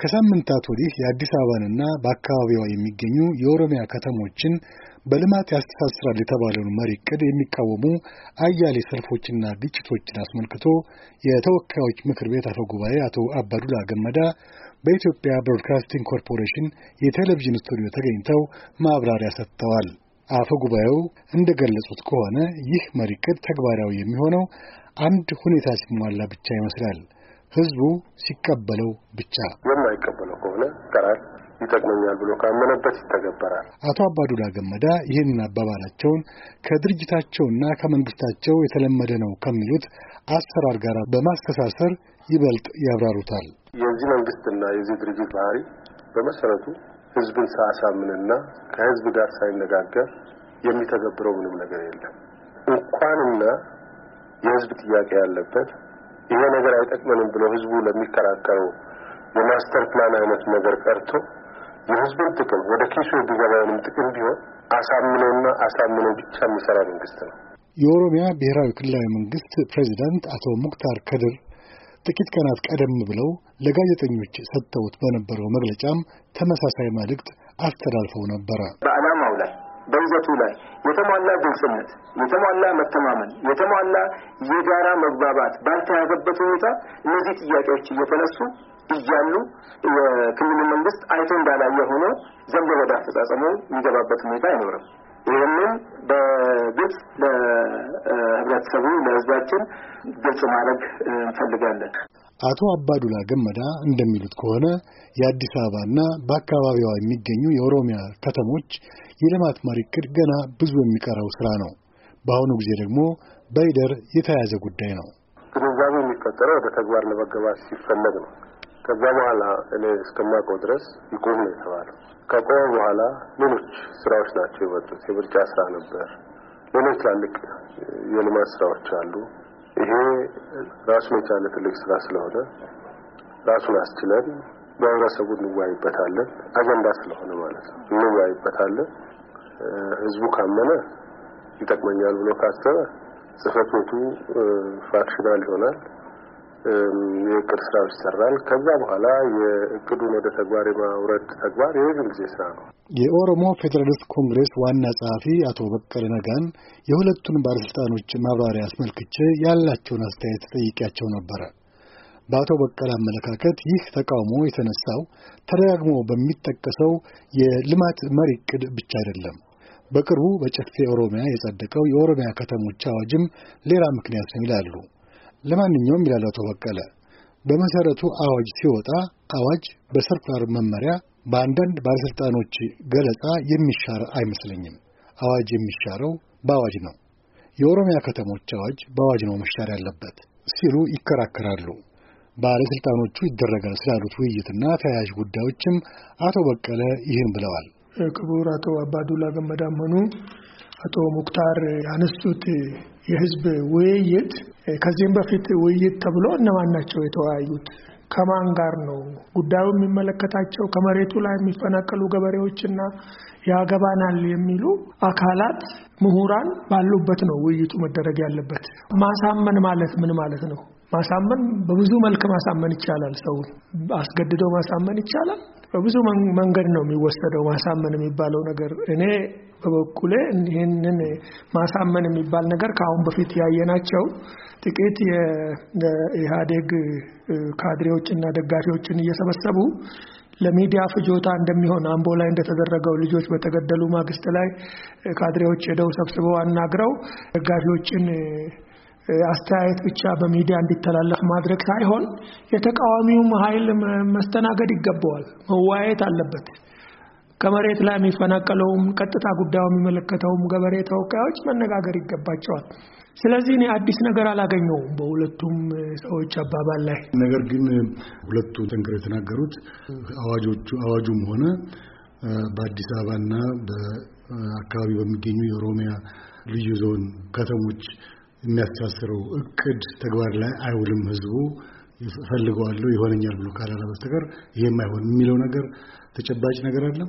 ከሳምንታት ወዲህ የአዲስ አበባንና በአካባቢዋ የሚገኙ የኦሮሚያ ከተሞችን በልማት ያስተሳስራል የተባለውን መሪ ዕቅድ የሚቃወሙ አያሌ ሰልፎችና ግጭቶችን አስመልክቶ የተወካዮች ምክር ቤት አፈ ጉባኤ አቶ አባዱላ ገመዳ በኢትዮጵያ ብሮድካስቲንግ ኮርፖሬሽን የቴሌቪዥን ስቱዲዮ ተገኝተው ማብራሪያ ሰጥተዋል። አፈ ጉባኤው እንደገለጹት ከሆነ ይህ መሪ ዕቅድ ተግባራዊ የሚሆነው አንድ ሁኔታ ሲሟላ ብቻ ይመስላል። ህዝቡ ሲቀበለው ብቻ። የማይቀበለው ከሆነ ይቀራል። ይጠቅመኛል ብሎ ካመነበት ይተገበራል። አቶ አባዱላ ገመዳ ይህንን አባባላቸውን ከድርጅታቸውና ከመንግስታቸው የተለመደ ነው ከሚሉት አሰራር ጋር በማስተሳሰር ይበልጥ ያብራሩታል። የዚህ መንግስትና የዚህ ድርጅት ባህሪ በመሰረቱ ህዝብን ሳያሳምንና ከህዝብ ጋር ሳይነጋገር የሚተገብረው ምንም ነገር የለም። እንኳንና የህዝብ ጥያቄ ያለበት ይሄ ነገር አይጠቅመንም ብሎ ህዝቡ ለሚከራከረው የማስተር ፕላን አይነት ነገር ቀርቶ የህዝብን ጥቅም ወደ ኪሱ የሚገባውንም ጥቅም ቢሆን አሳምነውና አሳምነው ብቻ የሚሰራ መንግስት ነው። የኦሮሚያ ብሔራዊ ክልላዊ መንግስት ፕሬዚዳንት አቶ ሙክታር ከድር ጥቂት ቀናት ቀደም ብለው ለጋዜጠኞች ሰጥተውት በነበረው መግለጫም ተመሳሳይ መልእክት አስተላልፈው ነበረ። በይዘቱ ላይ የተሟላ ግልጽነት፣ የተሟላ መተማመን፣ የተሟላ የጋራ መግባባት ባልተያዘበት ሁኔታ እነዚህ ጥያቄዎች እየተነሱ እያሉ የክልሉ መንግስት አይቶ እንዳላየ ሆኖ ዘንቦ ወደ አፈጻጸሙ የሚገባበት ሁኔታ አይኖርም። ይህንን በግልጽ ለህብረተሰቡ ለህዝባችን ግልጽ ማድረግ እንፈልጋለን። አቶ አባዱላ ገመዳ እንደሚሉት ከሆነ የአዲስ አበባና በአካባቢዋ የሚገኙ የኦሮሚያ ከተሞች የልማት መሪ ዕቅድ ገና ብዙ የሚቀረው ስራ ነው። በአሁኑ ጊዜ ደግሞ በይደር የተያዘ ጉዳይ ነው። ግንዛቤ የሚፈጠረው ወደ ተግባር ለመገባት ሲፈለግ ነው። ከዛ በኋላ እኔ እስከማውቀው ድረስ ይቆም ነው የተባለው። ከቆመ በኋላ ሌሎች ስራዎች ናቸው የመጡት። የምርጫ ስራ ነበር፣ ሌሎች ትላልቅ የልማት ስራዎች አሉ። ይሄ ራሱን የቻለ ትልቅ ስራ ስለሆነ ራሱን አስችለን ማህበረሰቡ እንወያይበታለን። አጀንዳ ስለሆነ ማለት ነው እንወያይበታለን። ህዝቡ ካመነ ይጠቅመኛል ብሎ ካሰበ ጽህፈት ቤቱ ፋክሽናል ይሆናል። የእቅድ ስራ ይሰራል። ከዛ በኋላ የእቅዱን ወደ ተግባር የማውረድ ተግባር የረጅም ጊዜ ስራ ነው። የኦሮሞ ፌዴራሊስት ኮንግሬስ ዋና ጸሐፊ አቶ በቀለ ነጋን የሁለቱን ባለስልጣኖች ማብራሪያ አስመልክቼ ያላቸውን አስተያየት ጠይቄያቸው ነበረ። በአቶ በቀለ አመለካከት ይህ ተቃውሞ የተነሳው ተደጋግሞ በሚጠቀሰው የልማት መሪ እቅድ ብቻ አይደለም። በቅርቡ በጨፌ ኦሮሚያ የጸደቀው የኦሮሚያ ከተሞች አዋጅም ሌላ ምክንያት ነው ይላሉ። ለማንኛውም ይላል አቶ በቀለ በመሰረቱ አዋጅ ሲወጣ አዋጅ በሰርኩላር መመሪያ በአንዳንድ ባለሥልጣኖች ገለጻ የሚሻር አይመስለኝም። አዋጅ የሚሻረው በአዋጅ ነው። የኦሮሚያ ከተሞች አዋጅ በአዋጅ ነው መሻር ያለበት ሲሉ ይከራከራሉ። ባለሥልጣኖቹ ይደረጋል ስላሉት ውይይትና ተያያዥ ጉዳዮችም አቶ በቀለ ይህን ብለዋል። ክቡር አቶ አባዱላ ገመዳም ሆኑ አቶ ሙክታር ያነሱት የህዝብ ውይይት ከዚህም በፊት ውይይት ተብሎ እነማን ናቸው የተወያዩት? ከማን ጋር ነው ጉዳዩ የሚመለከታቸው? ከመሬቱ ላይ የሚፈናቀሉ ገበሬዎችና ያገባናል የሚሉ አካላት ምሁራን ባሉበት ነው ውይይቱ መደረግ ያለበት። ማሳመን ማለት ምን ማለት ነው? ማሳመን በብዙ መልክ ማሳመን ይቻላል። ሰው አስገድዶ ማሳመን ይቻላል። በብዙ መንገድ ነው የሚወሰደው ማሳመን የሚባለው ነገር። እኔ በበኩሌ ይህንን ማሳመን የሚባል ነገር ከአሁን በፊት ያየናቸው ጥቂት የኢህአዴግ ካድሬዎችና ደጋፊዎችን እየሰበሰቡ ለሚዲያ ፍጆታ እንደሚሆን አምቦ ላይ እንደተደረገው ልጆች በተገደሉ ማግስት ላይ ካድሬዎች ሄደው ሰብስበው አናግረው ደጋፊዎችን አስተያየት ብቻ በሚዲያ እንዲተላለፍ ማድረግ ሳይሆን የተቃዋሚውም ኃይል መስተናገድ ይገባዋል፣ መወያየት አለበት። ከመሬት ላይ የሚፈናቀለውም ቀጥታ ጉዳዩ የሚመለከተውም ገበሬ ተወካዮች መነጋገር ይገባቸዋል። ስለዚህ እኔ አዲስ ነገር አላገኘው በሁለቱም ሰዎች አባባል ላይ። ነገር ግን ሁለቱ ጠንክር የተናገሩት አዋጆቹ አዋጁም ሆነ በአዲስ አበባና በአካባቢ በሚገኙ የኦሮሚያ ልዩ ዞን ከተሞች የሚያስተሳስረው እቅድ ተግባር ላይ አይውልም። ህዝቡ ፈልገዋለሁ ይሆነኛል ብሎ ካላለ በስተቀር ይሄም አይሆን የሚለው ነገር ተጨባጭ ነገር አለ።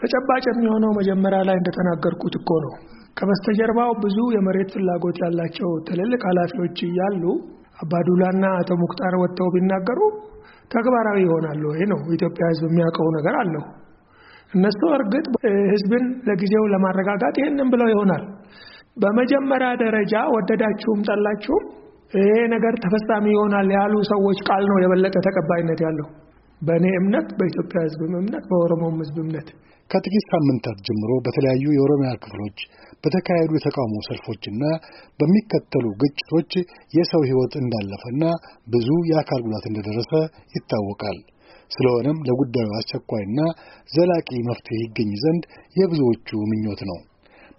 ተጨባጭ የሚሆነው መጀመሪያ ላይ እንደተናገርኩት እኮ ነው። ከበስተጀርባው ብዙ የመሬት ፍላጎት ያላቸው ትልልቅ ኃላፊዎች እያሉ አባዱላና አቶ ሙክታር ወጥተው ቢናገሩ ተግባራዊ ይሆናሉ። ይሄ ነው ኢትዮጵያ ህዝብ የሚያውቀው ነገር አለው። እነሱ እርግጥ ህዝብን ለጊዜው ለማረጋጋት ይህንን ብለው ይሆናል። በመጀመሪያ ደረጃ ወደዳችሁም ጠላችሁም ይሄ ነገር ተፈጻሚ ይሆናል ያሉ ሰዎች ቃል ነው የበለጠ ተቀባይነት ያለው በእኔ እምነት፣ በኢትዮጵያ ሕዝብም እምነት፣ በኦሮሞም ሕዝብ እምነት። ከጥቂት ሳምንታት ጀምሮ በተለያዩ የኦሮሚያ ክፍሎች በተካሄዱ የተቃውሞ ሰልፎችና በሚከተሉ ግጭቶች የሰው ሕይወት እንዳለፈና ብዙ የአካል ጉዳት እንደደረሰ ይታወቃል። ስለሆነም ለጉዳዩ አስቸኳይና ዘላቂ መፍትሄ ይገኝ ዘንድ የብዙዎቹ ምኞት ነው።